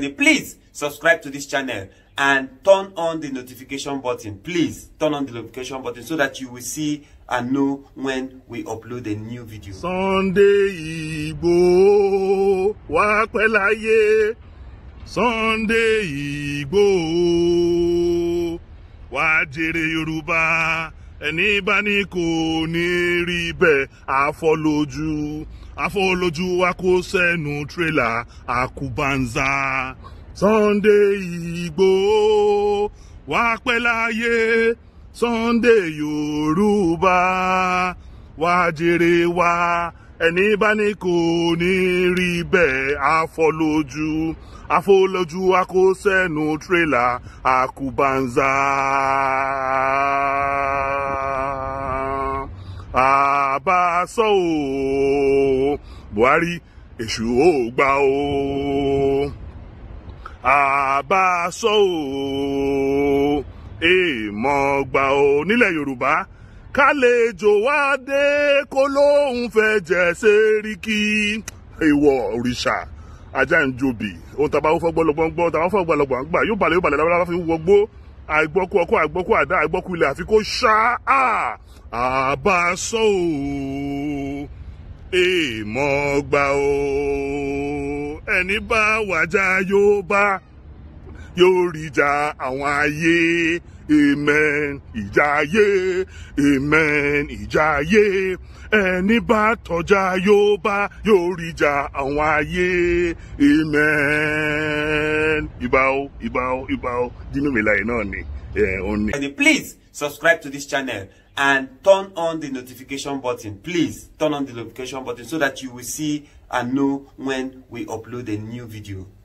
already, please subscribe to this channel and turn on the notification button. Please turn on the notification button so that you will see and know when we upload a new video. Sunday Igboho wa pẹ́ láyé. Sunday Igboho wa jere Yoruba ẹni bá ní kò ní rí bẹ́ẹ̀ àfọlójú àfọlójú wa kó sẹ́nu tírélà àkùbánzá Sunday Igboho wá pẹ́ láyé Sunday Yorùbá wá jèrè wá ẹni bá ní kò ní rí bẹ́ẹ̀ àfọlójú àfọlójú wa kó sẹ́nu tírélà àkùbánzá bá a sọ o Buhari èṣù ò gbà o àbá a sọ o èèmọ̀ gbà o nílẹ̀ Yorùbá kálejò wá dé kó lóun fẹ́ jẹ́ sẹ́ríkì ìwọ òrìṣà ajá ń jobi ohun tàbá fọgbọlọgbọ ń gbọ tàbá fọgbọlọgbọ ń gbà yóò balẹ̀ yóò balẹ̀ lábẹ́lábá fi ń wọgbó àìgbọ́kú ọkọ àìgbọ́kú àdá àìgbọ́kú ilẹ̀ àfi kó ṣá à àbá sọ òò èèmọ̀ gbà ó ẹni bá wàjà yóò bá yóò rí ìjà àwọn ayé amen ìjà ayé amen ìjà ayé ẹni bá tọjà yóò bá yóò rí ìjà àwọn ayé amen ibao ibao ibao Dino-Melaye náà ni òun eh, ni. please subscribe to this channel and turn on the notification button please turn on the notification button so that you will see and know when we upload a new video.